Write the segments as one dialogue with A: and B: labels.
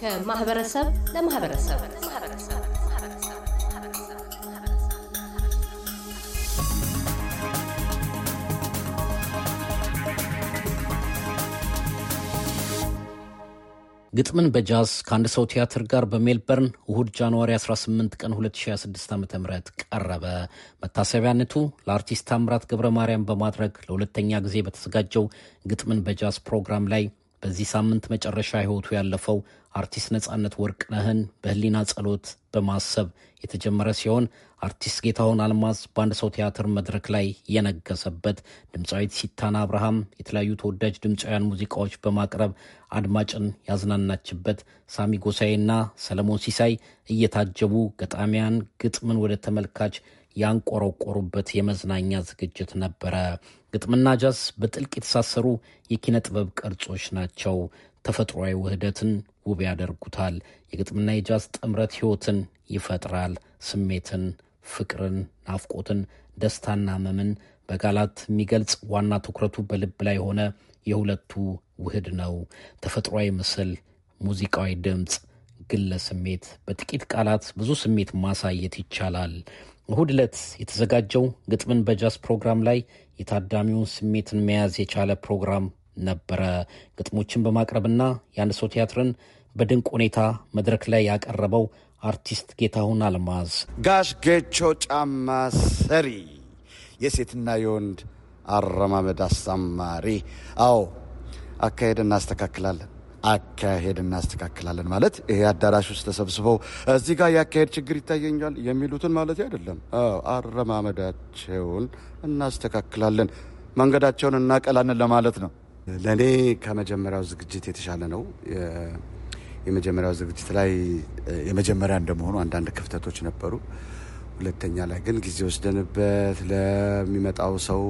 A: ከማህበረሰብ
B: ለማህበረሰብ
C: ግጥምን በጃዝ ከአንድ ሰው ቲያትር ጋር በሜልበርን እሁድ ጃንዋሪ 18 ቀን 2026 ዓ ም ቀረበ። መታሰቢያነቱ ለአርቲስት ታምራት ገብረ ማርያም በማድረግ ለሁለተኛ ጊዜ በተዘጋጀው ግጥምን በጃዝ ፕሮግራም ላይ በዚህ ሳምንት መጨረሻ ህይወቱ ያለፈው አርቲስት ነጻነት ወርቅነህን በህሊና ጸሎት በማሰብ የተጀመረ ሲሆን አርቲስት ጌታሁን አልማዝ በአንድ ሰው ቲያትር መድረክ ላይ የነገሰበት፣ ድምፃዊት ሲታና አብርሃም የተለያዩ ተወዳጅ ድምፃውያን ሙዚቃዎች በማቅረብ አድማጭን ያዝናናችበት፣ ሳሚ ጎሳዬና ሰለሞን ሲሳይ እየታጀቡ ገጣሚያን ግጥምን ወደ ተመልካች ያንቆረቆሩበት የመዝናኛ ዝግጅት ነበረ። ግጥምና ጃዝ በጥልቅ የተሳሰሩ የኪነ ጥበብ ቅርጾች ናቸው። ተፈጥሯዊ ውህደትን ውብ ያደርጉታል። የግጥምና የጃዝ ጥምረት ሕይወትን ይፈጥራል። ስሜትን፣ ፍቅርን፣ ናፍቆትን፣ ደስታና መምን በቃላት የሚገልጽ ዋና ትኩረቱ በልብ ላይ የሆነ የሁለቱ ውህድ ነው። ተፈጥሯዊ ምስል፣ ሙዚቃዊ ድምፅ፣ ግለ ስሜት፣ በጥቂት ቃላት ብዙ ስሜት ማሳየት ይቻላል። እሁድ ዕለት የተዘጋጀው ግጥምን በጃዝ ፕሮግራም ላይ የታዳሚውን ስሜትን መያዝ የቻለ ፕሮግራም ነበረ። ግጥሞችን በማቅረብና የአንድ ሰው ቲያትርን በድንቅ ሁኔታ መድረክ ላይ ያቀረበው አርቲስት ጌታሁን አልማዝ
D: ጋሽ ጌቾ ጫማ ሰሪ፣ የሴትና የወንድ አረማመድ አሳማሪ። አዎ አካሄድ እናስተካክላለን። አካሄድ እናስተካክላለን ማለት ይሄ አዳራሽ ውስጥ ተሰብስበው እዚህ ጋር የአካሄድ ችግር ይታየኛል የሚሉትን ማለት አይደለም። አረማመዳቸውን እናስተካክላለን፣ መንገዳቸውን እናቀላለን ለማለት ነው። ለእኔ ከመጀመሪያው ዝግጅት የተሻለ ነው። የመጀመሪያው ዝግጅት ላይ የመጀመሪያ እንደመሆኑ አንዳንድ ክፍተቶች ነበሩ። ሁለተኛ ላይ ግን ጊዜ ወስደንበት ለሚመጣው ሰው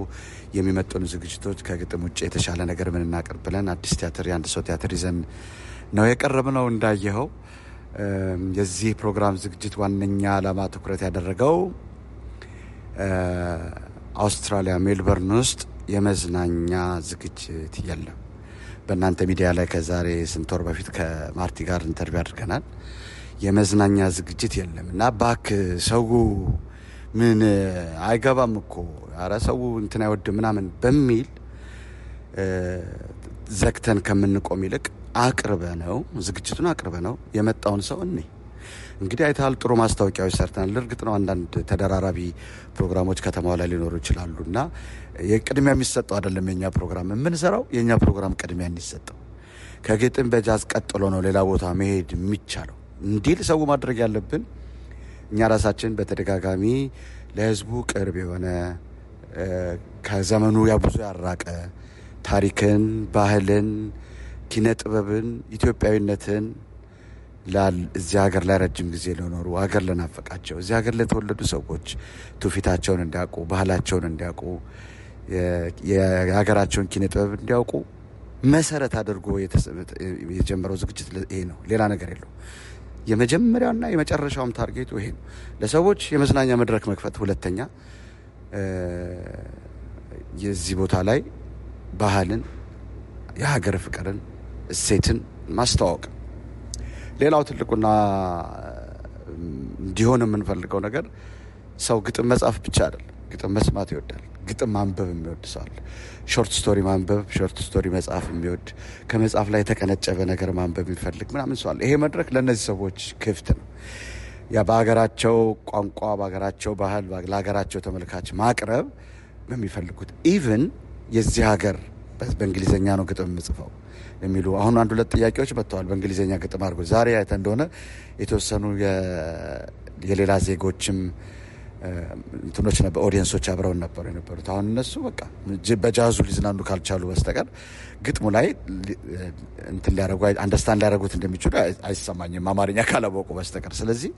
D: የሚመጡን ዝግጅቶች ከግጥም ውጭ የተሻለ ነገር እናቀርብ ብለን አዲስ ቲያትር የአንድ ሰው ቲያትር ይዘን ነው የቀረብነው። እንዳየኸው የዚህ ፕሮግራም ዝግጅት ዋነኛ ዓላማ ትኩረት ያደረገው አውስትራሊያ ሜልበርን ውስጥ የመዝናኛ ዝግጅት የለም። በእናንተ ሚዲያ ላይ ከዛሬ ስንት ወር በፊት ከማርቲ ጋር ኢንተርቪው አድርገናል። የመዝናኛ ዝግጅት የለም እና ባክ ሰው ምን አይገባም እኮ አረ ሰው እንትን አይወድ ምናምን በሚል ዘግተን ከምንቆም ይልቅ አቅርበ ነው ዝግጅቱን አቅርበ ነው የመጣውን ሰው እኔ እንግዲህ አይተሃል። ጥሩ ማስታወቂያዎች ሰርተናል። እርግጥ ነው አንዳንድ ተደራራቢ ፕሮግራሞች ከተማው ላይ ሊኖሩ ይችላሉ እና ቅድሚያ የሚሰጠው አይደለም የኛ ፕሮግራም የምንሰራው የእኛ ፕሮግራም ቅድሚያ እንዲሰጠው ከጌጥን በጃዝ ቀጥሎ ነው ሌላ ቦታ መሄድ የሚቻለው። እንዲል ሰው ማድረግ ያለብን እኛ ራሳችን በተደጋጋሚ ለህዝቡ ቅርብ የሆነ ከዘመኑ ያብዙ ያራቀ ታሪክን፣ ባህልን፣ ኪነ ጥበብን፣ ኢትዮጵያዊነትን እዚህ ሀገር ላይ ረጅም ጊዜ ለኖሩ ሀገር ለናፈቃቸው እዚህ ሀገር ለተወለዱ ሰዎች ትውፊታቸውን እንዲያውቁ ባህላቸውን እንዲያውቁ የሀገራቸውን ኪነ ጥበብ እንዲያውቁ መሰረት አድርጎ የጀመረው ዝግጅት ይሄ ነው። ሌላ ነገር የለው። የመጀመሪያውና የመጨረሻውም ታርጌቱ ይሄ ነው። ለሰዎች የመዝናኛ መድረክ መክፈት፣ ሁለተኛ የዚህ ቦታ ላይ ባህልን፣ የሀገር ፍቅርን፣ እሴትን ማስተዋወቅ። ሌላው ትልቁና እንዲሆን የምንፈልገው ነገር ሰው ግጥም መጻፍ ብቻ አይደለም፣ ግጥም መስማት ይወዳል። ግጥም ማንበብ የሚወድ ሰው አለ። ሾርት ስቶሪ ማንበብ፣ ሾርት ስቶሪ መጽሐፍ የሚወድ ከመጽሐፍ ላይ የተቀነጨበ ነገር ማንበብ የሚፈልግ ምናምን ሰው አለ። ይሄ መድረክ ለእነዚህ ሰዎች ክፍት ነው። ያ በሀገራቸው ቋንቋ፣ በሀገራቸው ባህል፣ ለሀገራቸው ተመልካች ማቅረብ በሚፈልጉት ኢቭን የዚህ ሀገር በእንግሊዝኛ ነው ግጥም የምጽፈው የሚሉ አሁን አንድ ሁለት ጥያቄዎች መጥተዋል። በእንግሊዝኛ ግጥም አድርጎ ዛሬ አይተ እንደሆነ የተወሰኑ የሌላ ዜጎችም እንትኖች ነበር ኦዲየንሶች አብረውን ነበሩ የነበሩት። አሁን እነሱ በቃ በጃዙ ሊዝናኑ ካልቻሉ በስተቀር ግጥሙ ላይ እንትን ሊያረጉ አንደርስታንድ ሊያደረጉት እንደሚችሉ አይሰማኝም አማርኛ ካላወቁ በስተቀር። ስለዚህ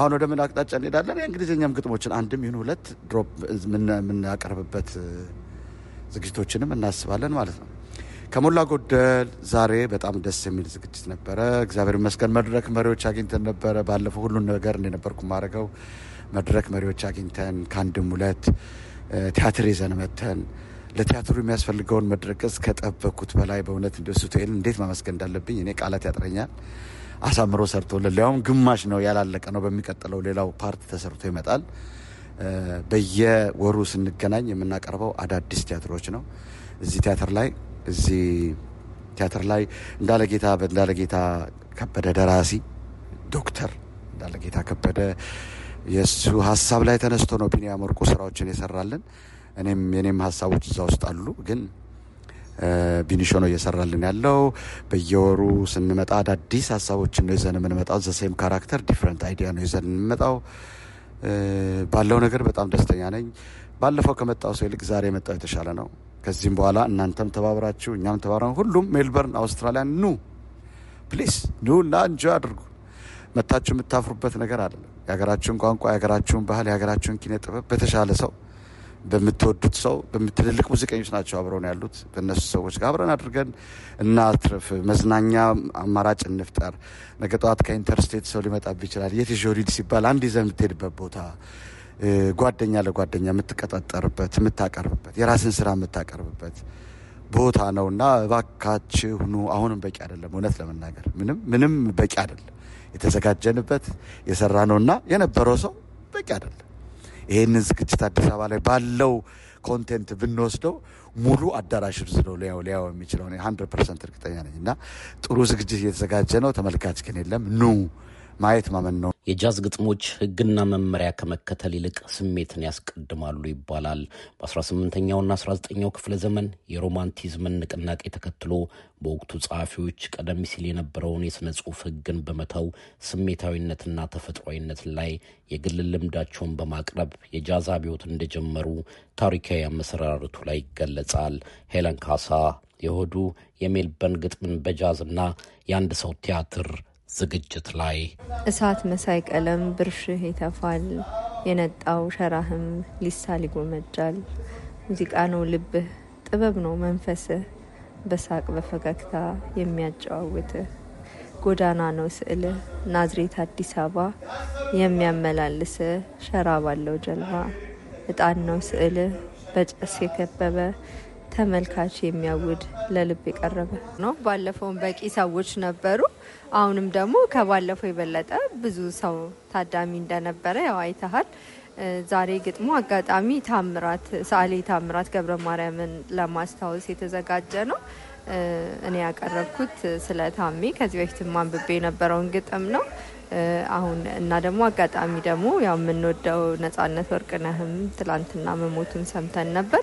D: አሁን ወደ ምን አቅጣጫ እንሄዳለን? የእንግሊዝኛም ግጥሞችን አንድም ይሁን ሁለት ድሮፕ የምናቀርብበት ዝግጅቶችንም እናስባለን ማለት ነው። ከሞላ ጎደል ዛሬ በጣም ደስ የሚል ዝግጅት ነበረ። እግዚአብሔር ይመስገን መድረክ መሪዎች አግኝተን ነበረ። ባለፈው ሁሉን ነገር እንደነበርኩ ማድረገው መድረክ መሪዎች አግኝተን ከአንድም ሁለት ቲያትር ይዘን መተን ለቲያትሩ የሚያስፈልገውን መድረክስ ከጠበኩት በላይ በእውነት እንደ ሱቱኤልን እንዴት ማመስገን እንዳለብኝ እኔ ቃላት ያጥረኛል። አሳምሮ ሰርቶልን ሊያውም ግማሽ ነው ያላለቀ ነው። በሚቀጥለው ሌላው ፓርት ተሰርቶ ይመጣል። በየወሩ ስንገናኝ የምናቀርበው አዳዲስ ቲያትሮች ነው። እዚህ ቲያትር ላይ እዚህ ቲያትር ላይ እንዳለጌታ እንዳለጌታ ከበደ ደራሲ ዶክተር እንዳለጌታ ከበደ የእሱ ሀሳብ ላይ ተነስቶ ነው ቢኒያም ወርቁ ስራዎችን የሰራልን። እኔም የኔም ሀሳቦች እዛ ውስጥ አሉ ግን ቢኒሾ ነው እየሰራልን ያለው። በየወሩ ስንመጣ አዳዲስ ሀሳቦችን ነው ይዘን የምንመጣው። ዘሴም ካራክተር ዲፍረንት አይዲያ ነው ይዘን የምንመጣው። ባለው ነገር በጣም ደስተኛ ነኝ። ባለፈው ከመጣው ሰው ይልቅ ዛሬ የመጣው የተሻለ ነው። ከዚህም በኋላ እናንተም ተባብራችሁ እኛም ተባብረ ሁሉም ሜልበርን አውስትራሊያን ኑ ፕሊስ ኑ እና እንጆ አድርጉ። መታችሁ የምታፍሩበት ነገር አይደለም። የሀገራችሁን ቋንቋ፣ የሀገራችሁን ባህል፣ የሀገራችሁን ኪነ ጥበብ በተሻለ ሰው በምትወዱት ሰው በምትልልቅ ሙዚቀኞች ናቸው አብረው ነው ያሉት። በእነሱ ሰዎች ጋር አብረን አድርገን እናትርፍ፣ መዝናኛ አማራጭ እንፍጠር። ነገ ጠዋት ከኢንተርስቴት ሰው ሊመጣብ ይችላል። የት ይዤው ሲባል አንድ ይዘህ የምትሄድበት ቦታ፣ ጓደኛ ለጓደኛ የምትቀጣጠርበት፣ የምታቀርብበት፣ የራስን ስራ የምታቀርብበት ቦታ ነውና እባካችሁ ኑ። አሁንም በቂ አይደለም፣ እውነት ለመናገር ምንም ምንም በቂ አይደለም። የተዘጋጀንበት የሰራ እና የነበረው ሰው በቂ አይደለም። ይህንን ዝግጅት አዲስ አበባ ላይ ባለው ኮንቴንት ብንወስደው ሙሉ አዳራሽ ነው ሊያው ሊያው የሚችለው ሀንድረድ ፐርሰንት እርግጠኛ ነኝ። እና ጥሩ ዝግጅት እየተዘጋጀ ነው። ተመልካች ግን የለም ኑ
C: ማየት ማመን ነው። የጃዝ ግጥሞች ሕግና መመሪያ ከመከተል ይልቅ ስሜትን ያስቀድማሉ ይባላል። በ18ኛውና 19ኛው ክፍለ ዘመን የሮማንቲዝምን ንቅናቄ ተከትሎ በወቅቱ ጸሐፊዎች ቀደም ሲል የነበረውን የሥነ ጽሑፍ ሕግን በመተው ስሜታዊነትና ተፈጥሯዊነት ላይ የግል ልምዳቸውን በማቅረብ የጃዝ አብዮት እንደጀመሩ ታሪካዊ አመሰራረቱ ላይ ይገለጻል። ሄለን ካሳ የሆዱ የሜልበርን ግጥምን በጃዝና የአንድ ሰው ቲያትር ዝግጅት ላይ
A: እሳት መሳይ ቀለም ብርሽህ ይተፋል፣ የነጣው ሸራህም ሊሳል ይጎመጃል። ሙዚቃ ነው ልብህ፣ ጥበብ ነው መንፈስህ፣ በሳቅ በፈገግታ የሚያጨዋውትህ ጎዳና ነው ስዕልህ፣ ናዝሬት አዲስ አበባ የሚያመላልስህ ሸራ ባለው ጀልባ። እጣን ነው ስዕልህ በጭስ የከበበ ተመልካች የሚያውድ ለልብ የቀረበ ነው። ባለፈውን በቂ ሰዎች ነበሩ። አሁንም ደግሞ ከባለፈው የበለጠ ብዙ ሰው ታዳሚ እንደነበረ ያው አይተሃል። ዛሬ ግጥሙ አጋጣሚ ታምራት ሰዓሊ ታምራት ገብረ ማርያምን ለማስታወስ የተዘጋጀ ነው። እኔ ያቀረብኩት ስለ ታሜ ከዚህ በፊት ማንብቤ የነበረውን ግጥም ነው። አሁን እና ደግሞ አጋጣሚ ደግሞ ያው የምንወደው ነጻነት ወርቅነህም ትላንትና መሞቱን ሰምተን ነበር።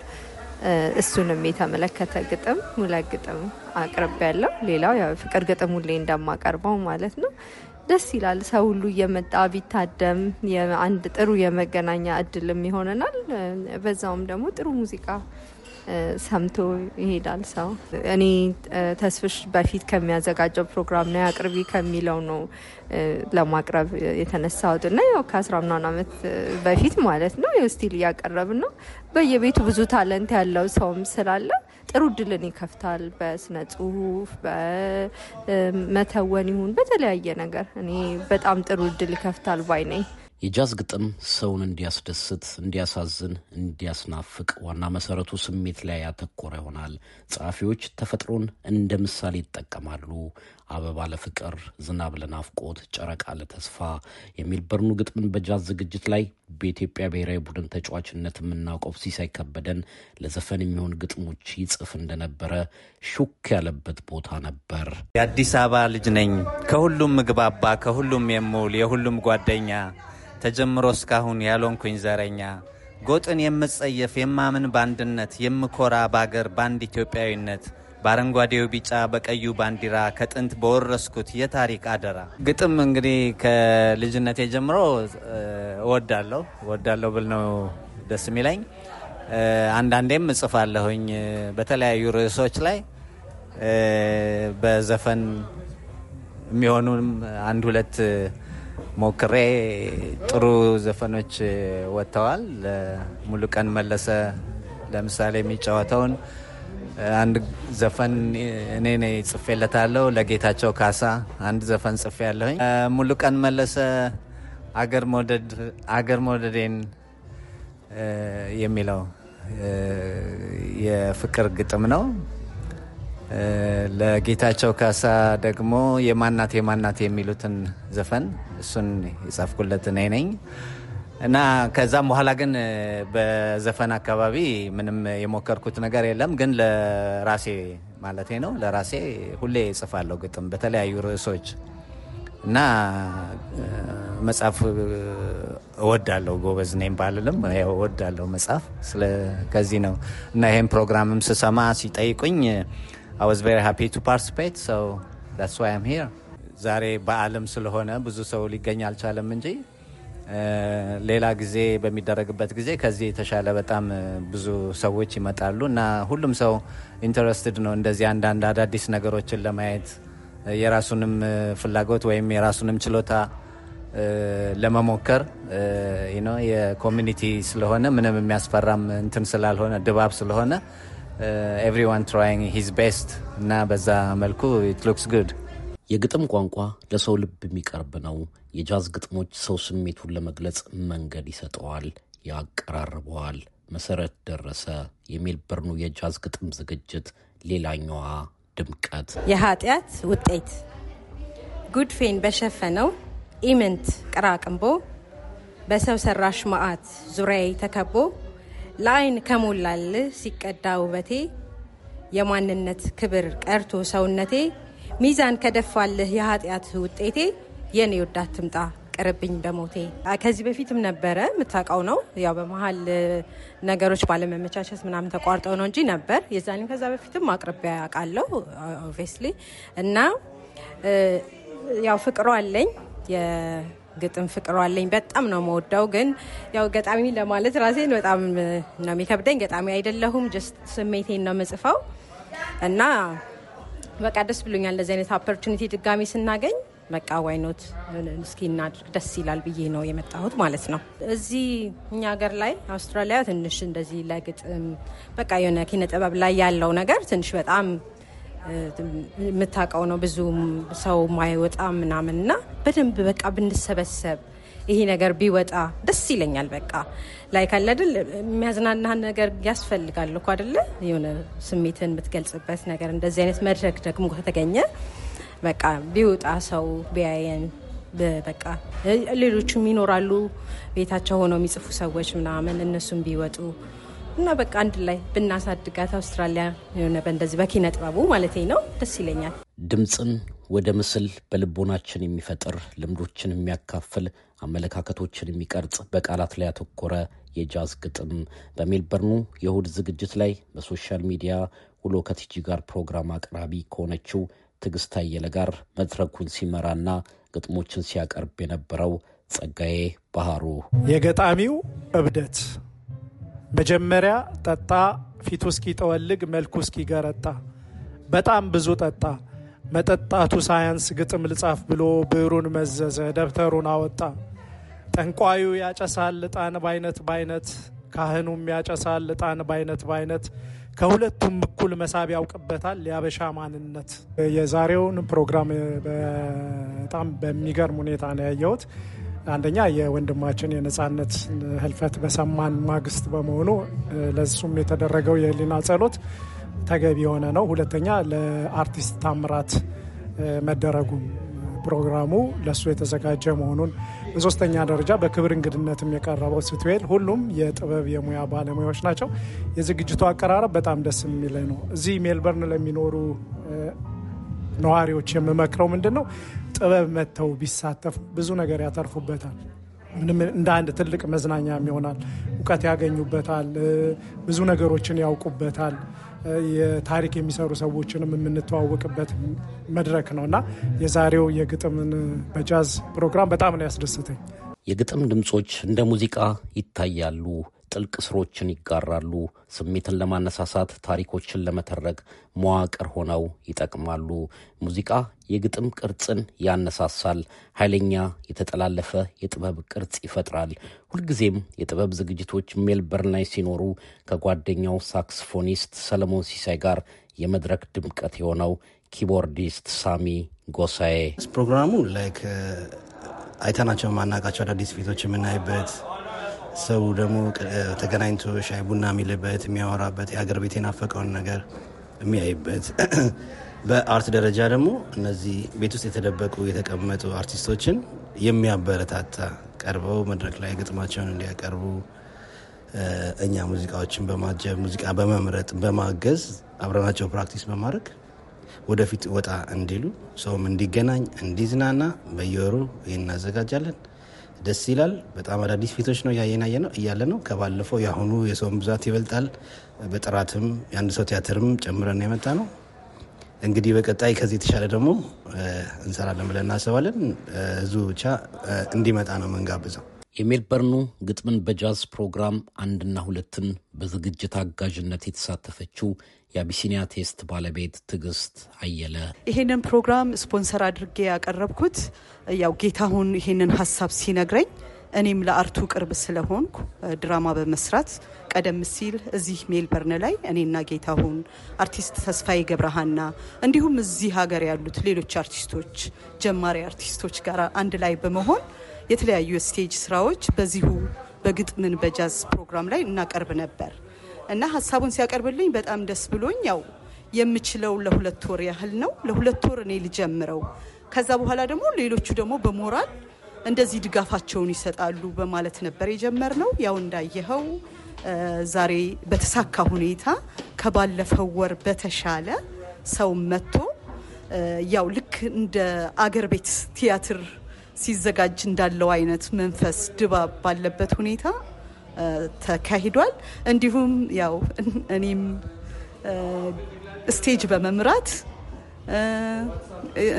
A: እሱንም የተመለከተ ግጥም ሁለት ግጥም አቅርብ ያለው ሌላው ያው ፍቅር ግጥም ሁሌ እንደማቀርበው ማለት ነው። ደስ ይላል። ሰው ሁሉ እየመጣ ቢታደም አንድ ጥሩ የመገናኛ እድልም ይሆነናል። በዛውም ደግሞ ጥሩ ሙዚቃ ሰምቶ ይሄዳል ሰው። እኔ ተስፍሽ በፊት ከሚያዘጋጀው ፕሮግራም ነው አቅርቢ ከሚለው ነው ለማቅረብ የተነሳሁት እና ያው ከአስራ ምናምን ዓመት በፊት ማለት ነው የስቲል እያቀረብን ነው። በየቤቱ ብዙ ታለንት ያለው ሰውም ስላለ ጥሩ እድልን ይከፍታል። በስነ ጽሁፍ፣ በመተወን ይሁን በተለያየ ነገር እኔ በጣም ጥሩ እድል ይከፍታል ባይ ነኝ።
C: የጃዝ ግጥም ሰውን እንዲያስደስት፣ እንዲያሳዝን፣ እንዲያስናፍቅ ዋና መሰረቱ ስሜት ላይ ያተኮረ ይሆናል። ጸሐፊዎች ተፈጥሮን እንደ ምሳሌ ይጠቀማሉ። አበባ ለፍቅር፣ ዝናብ ለናፍቆት፣ ጨረቃ ለተስፋ የሚል በርኑ ግጥምን በጃዝ ዝግጅት ላይ በኢትዮጵያ ብሔራዊ ቡድን ተጫዋችነት የምናውቀው ሲሳይ ከበደን ለዘፈን የሚሆን ግጥሞች ይጽፍ እንደነበረ ሹክ ያለበት ቦታ ነበር።
E: የአዲስ አበባ ልጅ ነኝ ከሁሉም ምግባባ ከሁሉም የምውል የሁሉም ጓደኛ ተጀምሮ እስካሁን ያልሆንኩኝ ዘረኛ ጎጥን የምጸየፍ የማምን በአንድነት የምኮራ በአገር በአንድ ኢትዮጵያዊነት በአረንጓዴው ቢጫ በቀዩ ባንዲራ ከጥንት በወረስኩት የታሪክ አደራ። ግጥም እንግዲህ ከልጅነት ጀምሮ እወዳለሁ እወዳለሁ ብል ነው ደስ የሚለኝ። አንዳንዴም እጽፋለሁኝ በተለያዩ ርዕሶች ላይ በዘፈን የሚሆኑም አንድ ሁለት ሞክሬ ጥሩ ዘፈኖች ወጥተዋል። ሙሉቀን መለሰ ለምሳሌ የሚጫወተውን አንድ ዘፈን እኔ ነ ጽፌለታለሁ። ለጌታቸው ካሳ አንድ ዘፈን ጽፌ ያለሁኝ። ሙሉቀን መለሰ አገር መውደዴን የሚለው የፍቅር ግጥም ነው። ለጌታቸው ካሳ ደግሞ የማናት የማናት የሚሉትን ዘፈን እሱን የጻፍኩለት እኔ ነኝ እና ከዛም በኋላ ግን በዘፈን አካባቢ ምንም የሞከርኩት ነገር የለም። ግን ለራሴ ማለቴ ነው ለራሴ ሁሌ እጽፋለሁ ግጥም በተለያዩ ርዕሶች እና መጽሐፍ እወዳለሁ። ጎበዝ ነኝ ባልልም እወዳለሁ መጽሐፍ። ከዚህ ነው እና ይህን ፕሮግራምም ስሰማ ሲጠይቁኝ ዛሬ በዓለም ስለሆነ ብዙ ሰው ሊገኝ አልቻለም እንጂ ሌላ ጊዜ በሚደረግበት ጊዜ ከዚህ የተሻለ በጣም ብዙ ሰዎች ይመጣሉ እና ሁሉም ሰው ኢንተረስትድ ነው እንደዚህ አንዳንድ አዳዲስ ነገሮችን ለማየት የራሱንም ፍላጎት ወይም የራሱንም ችሎታ ለመሞከር የኮሚኒቲ ስለሆነ ምንም የሚያስፈራም እንትን ስላልሆነ ድባብ ስለሆነ ኤቭሪዋን ትራይንግ ሂዝ ቤስት እና በዛ መልኩ ኢት ሉክስ ጉድ። የግጥም ቋንቋ ለሰው ልብ የሚቀርብ ነው።
C: የጃዝ ግጥሞች ሰው ስሜቱን ለመግለጽ መንገድ ይሰጠዋል፣ ያቀራርበዋል። መሰረት ደረሰ የሜልበርኑ የጃዝ ግጥም ዝግጅት ሌላኛዋ ድምቀት
F: የኃጢአት ውጤት ጉድፌን በሸፈነው ኢምንት ቅራቅንቦ በሰው ሰራሽ መዓት ዙሪያ ተከቦ ለአይን ከሞላል ሲቀዳ ውበቴ የማንነት ክብር ቀርቶ ሰውነቴ ሚዛን ከደፋልህ የኃጢአት ውጤቴ የኔ ወዳት ትምጣ ቅርብኝ በሞቴ። ከዚህ በፊትም ነበረ የምታውቀው ነው። ያው በመሀል ነገሮች ባለመመቻቸት ምናምን ተቋርጠው ነው እንጂ ነበር። የዛኔም ከዛ በፊትም አቅርቢያ ያውቃለሁ ኦብቪየስሊ እና ያው ፍቅሯ አለኝ ግጥም ፍቅሯ አለኝ በጣም ነው መወዳው። ግን ያው ገጣሚ ለማለት ራሴን በጣም ነው የሚከብደኝ። ገጣሚ አይደለሁም፣ ጀስት ስሜቴን ነው የምጽፈው እና በቃ ደስ ብሎኛል። እንደዚህ አይነት ኦፖርቹኒቲ ድጋሚ ስናገኝ በቃ ዋይኖት እስኪ እናድርግ ደስ ይላል ብዬ ነው የመጣሁት ማለት ነው። እዚህ እኛ ሀገር ላይ አውስትራሊያ ትንሽ እንደዚህ ለግጥም በቃ የሆነ ኪነ ጥበብ ላይ ያለው ነገር ትንሽ በጣም የምታውቀው ነው። ብዙ ሰው ማይወጣ ምናምን እና በደንብ በቃ ብንሰበሰብ ይሄ ነገር ቢወጣ ደስ ይለኛል። በቃ ላይ ካለ አይደል የሚያዝናናህን ነገር ያስፈልጋል እኮ አይደለ? የሆነ ስሜትን የምትገልጽበት ነገር እንደዚህ አይነት መድረክ ደግሞ ከተገኘ በቃ ቢወጣ ሰው ቢያየን በቃ ሌሎቹም ይኖራሉ ቤታቸው ሆነው የሚጽፉ ሰዎች ምናምን እነሱም ቢወጡ እና በቃ አንድ ላይ ብናሳድጋት አውስትራሊያ የሆነ በእንደዚህ በኪነ ጥበቡ ማለት ነው ደስ ይለኛል።
C: ድምፅን ወደ ምስል በልቦናችን የሚፈጥር ልምዶችን የሚያካፍል አመለካከቶችን የሚቀርጽ በቃላት ላይ ያተኮረ የጃዝ ግጥም በሜልበርኑ የእሁድ ዝግጅት ላይ በሶሻል ሚዲያ ውሎ ከቲጂ ጋር ፕሮግራም አቅራቢ ከሆነችው ትዕግስት አየለ ጋር መድረኩን ሲመራና ግጥሞችን ሲያቀርብ የነበረው ጸጋዬ ባህሩ የገጣሚው እብደት
G: መጀመሪያ ጠጣ፣ ፊቱ እስኪጠወልግ መልኩ እስኪገረጣ፣ በጣም ብዙ ጠጣ። መጠጣቱ ሳያንስ ግጥም ልጻፍ ብሎ ብዕሩን መዘዘ፣ ደብተሩን አወጣ። ጠንቋዩ ያጨሳል ዕጣን ባይነት ባይነት፣ ካህኑም ያጨሳል እጣን ባይነት ባይነት። ከሁለቱም እኩል መሳብ ያውቅበታል የአበሻ ማንነት። የዛሬውን ፕሮግራም በጣም በሚገርም ሁኔታ ነው ያየሁት። አንደኛ የወንድማችን የነጻነት ህልፈት በሰማን ማግስት በመሆኑ ለሱም የተደረገው የህሊና ጸሎት ተገቢ የሆነ ነው። ሁለተኛ ለአርቲስት ታምራት መደረጉ ፕሮግራሙ ለሱ የተዘጋጀ መሆኑን፣ በሶስተኛ ደረጃ በክብር እንግድነትም የቀረበው ስትዌል ሁሉም የጥበብ የሙያ ባለሙያዎች ናቸው። የዝግጅቱ አቀራረብ በጣም ደስ የሚለኝ ነው። እዚህ ሜልበርን ለሚኖሩ ነዋሪዎች የምመክረው ምንድን ነው ጥበብ መጥተው ቢሳተፉ ብዙ ነገር ያተርፉበታል። ምንም እንደ አንድ ትልቅ መዝናኛም ይሆናል። እውቀት ያገኙበታል። ብዙ ነገሮችን ያውቁበታል። የታሪክ የሚሰሩ ሰዎችንም የምንተዋወቅበት መድረክ ነው እና የዛሬው የግጥምን በጃዝ ፕሮግራም በጣም ነው
C: ያስደስተኝ። የግጥም ድምፆች እንደ ሙዚቃ ይታያሉ። ጥልቅ ስሮችን ይጋራሉ። ስሜትን ለማነሳሳት፣ ታሪኮችን ለመተረክ መዋቅር ሆነው ይጠቅማሉ። ሙዚቃ የግጥም ቅርጽን ያነሳሳል። ኃይለኛ የተጠላለፈ የጥበብ ቅርጽ ይፈጥራል። ሁልጊዜም የጥበብ ዝግጅቶች ሜልበርን ላይ ሲኖሩ ከጓደኛው ሳክስፎኒስት ሰለሞን ሲሳይ ጋር የመድረክ ድምቀት የሆነው ኪቦርዲስት ሳሚ ጎሳዬ ፕሮግራሙ ላይክ አይተናቸው ማናቃቸው አዳዲስ ፊቶች የምናይበት ሰው ደግሞ ተገናኝቶ ሻይ ቡና የሚልበት የሚያወራበት የሀገር ቤት የናፈቀውን ነገር የሚያይበት በአርት ደረጃ ደግሞ እነዚህ ቤት ውስጥ የተደበቁ የተቀመጡ አርቲስቶችን የሚያበረታታ ቀርበው መድረክ ላይ ግጥማቸውን እንዲያቀርቡ እኛ ሙዚቃዎችን በማጀብ ሙዚቃ በመምረጥ በማገዝ አብረናቸው ፕራክቲስ በማድረግ ወደፊት ወጣ እንዲሉ ሰውም እንዲገናኝ እንዲዝናና በየወሩ ይህን እናዘጋጃለን። ደስ ይላል። በጣም አዳዲስ ፊቶች ነው እያየናየ ነው እያለ ነው። ከባለፈው የአሁኑ የሰውን ብዛት ይበልጣል። በጥራትም የአንድ ሰው ቲያትርም ጨምረን የመጣ ነው። እንግዲህ በቀጣይ ከዚህ የተሻለ ደግሞ እንሰራለን ብለን እናስባለን። ህዙ ብቻ እንዲመጣ ነው መንጋብዘው የሜልበርኑ ግጥምን በጃዝ ፕሮግራም አንድና ሁለትን በዝግጅት አጋዥነት የተሳተፈችው የአቢሲኒያ ቴስት ባለቤት ትዕግስት አየለ
B: ይሄንን ፕሮግራም ስፖንሰር አድርጌ ያቀረብኩት ያው ጌታሁን ይሄንን ሀሳብ ሲነግረኝ እኔም ለአርቱ ቅርብ ስለሆንኩ ድራማ በመስራት ቀደም ሲል እዚህ ሜልበርን ላይ እኔና ጌታሁን አርቲስት ተስፋዬ ገብረሃና እንዲሁም እዚህ ሀገር ያሉት ሌሎች አርቲስቶች ጀማሪ አርቲስቶች ጋር አንድ ላይ በመሆን የተለያዩ የስቴጅ ስራዎች በዚሁ በግጥምን በጃዝ ፕሮግራም ላይ እናቀርብ ነበር። እና ሀሳቡን ሲያቀርብልኝ በጣም ደስ ብሎኝ ያው የምችለው ለሁለት ወር ያህል ነው። ለሁለት ወር እኔ ልጀምረው፣ ከዛ በኋላ ደግሞ ሌሎቹ ደግሞ በሞራል እንደዚህ ድጋፋቸውን ይሰጣሉ በማለት ነበር የጀመርነው። ያው እንዳየኸው ዛሬ በተሳካ ሁኔታ ከባለፈው ወር በተሻለ ሰው መጥቶ ያው ልክ እንደ አገር ቤት ቲያትር ሲዘጋጅ እንዳለው አይነት መንፈስ ድባብ ባለበት ሁኔታ ተካሂዷል። እንዲሁም ያው እኔም ስቴጅ በመምራት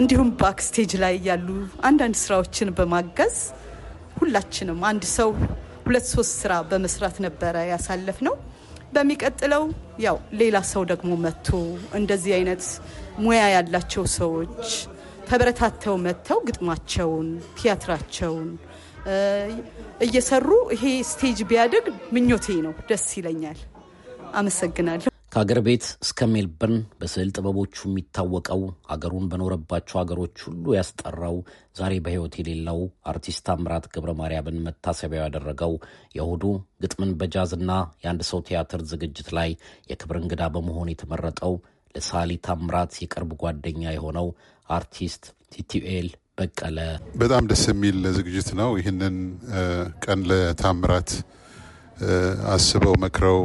B: እንዲሁም ባክ ስቴጅ ላይ ያሉ አንዳንድ ስራዎችን በማገዝ ሁላችንም አንድ ሰው ሁለት ሶስት ስራ በመስራት ነበረ ያሳለፍ ነው። በሚቀጥለው ያው ሌላ ሰው ደግሞ መጥቶ እንደዚህ አይነት ሙያ ያላቸው ሰዎች ተበረታተው መጥተው ግጥማቸውን፣ ቲያትራቸውን እየሰሩ ይሄ ስቴጅ ቢያድግ ምኞቴ ነው። ደስ ይለኛል። አመሰግናለሁ።
C: ከአገር ቤት እስከ ሜልበርን በስዕል ጥበቦቹ የሚታወቀው አገሩን በኖረባቸው አገሮች ሁሉ ያስጠራው ዛሬ በሕይወት የሌለው አርቲስት አምራት ገብረ ማርያምን መታሰቢያው ያደረገው የእሁዱ ግጥምን በጃዝና የአንድ ሰው ቲያትር ዝግጅት ላይ የክብር እንግዳ በመሆን የተመረጠው ለሳሊ ታምራት የቅርብ
H: ጓደኛ የሆነው አርቲስት ቲቲኤል በቀለ። በጣም ደስ የሚል ዝግጅት ነው። ይህንን ቀን ለታምራት አስበው መክረው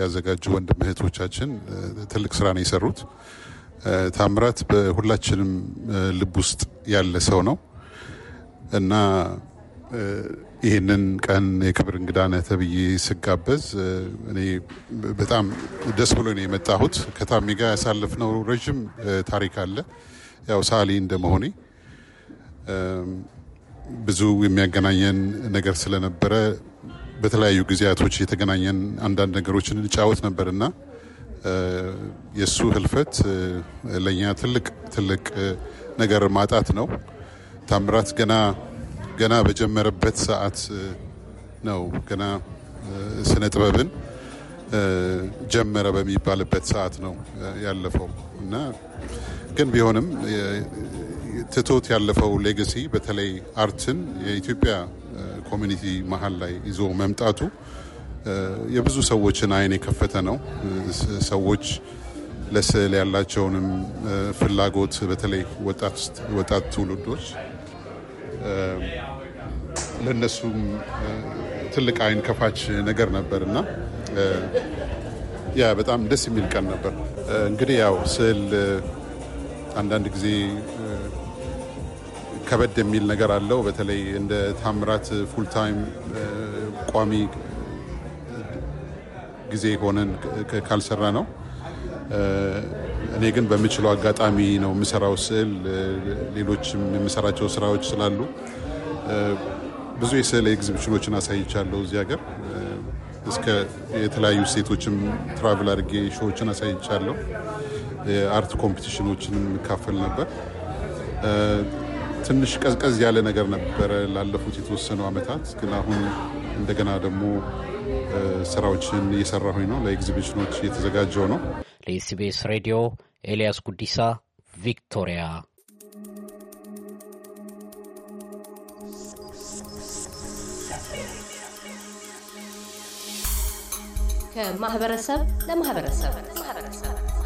H: ያዘጋጁ ወንድም እህቶቻችን ትልቅ ስራ ነው የሰሩት። ታምራት በሁላችንም ልብ ውስጥ ያለ ሰው ነው እና ይህንን ቀን የክብር እንግዳ ነህ ተብዬ ስጋበዝ እኔ በጣም ደስ ብሎ ነው የመጣሁት። ከታሚ ጋር ያሳለፍነው ረዥም ታሪክ አለ። ያው ሳሊ እንደመሆኔ ብዙ የሚያገናኘን ነገር ስለነበረ በተለያዩ ጊዜያቶች የተገናኘን አንዳንድ ነገሮችን እንጫወት ነበር እና የእሱ ህልፈት ለእኛ ትልቅ ትልቅ ነገር ማጣት ነው። ታምራት ገና ገና በጀመረበት ሰዓት ነው ገና ስነ ጥበብን ጀመረ በሚባልበት ሰዓት ነው ያለፈው እና ግን ቢሆንም ትቶት ያለፈው ሌገሲ በተለይ አርትን የኢትዮጵያ ኮሚኒቲ መሀል ላይ ይዞ መምጣቱ የብዙ ሰዎችን አይን የከፈተ ነው። ሰዎች ለስዕል ያላቸውንም ፍላጎት በተለይ ወጣት ትውልዶች ለእነሱም ትልቅ አይን ከፋች ነገር ነበር እና ያ በጣም ደስ የሚል ቀን ነበር። እንግዲህ ያው ስዕል አንዳንድ ጊዜ ከበድ የሚል ነገር አለው። በተለይ እንደ ታምራት ፉልታይም ቋሚ ጊዜ ሆነን ካልሰራ ነው። እኔ ግን በምችለው አጋጣሚ ነው የምሰራው ስዕል። ሌሎችም የምሰራቸው ስራዎች ስላሉ ብዙ የስዕል ኤግዚቢሽኖችን አሳይቻለሁ እዚህ ሀገር። እስከ የተለያዩ ስቴቶችም ትራቭል አድርጌ ሾዎችን አሳይቻለሁ። የአርት ኮምፒቲሽኖችንም እካፈል ነበር። ትንሽ ቀዝቀዝ ያለ ነገር ነበረ ላለፉት የተወሰኑ ዓመታት። ግን አሁን እንደገና ደግሞ ስራዎችን እየሰራሁኝ ነው። ለኤግዚቢሽኖች እየተዘጋጀው ነው። ለኤስቢኤስ ሬዲዮ ኤልያስ ጉዲሳ
C: ቪክቶሪያ።
B: ከማህበረሰብ ለማህበረሰብ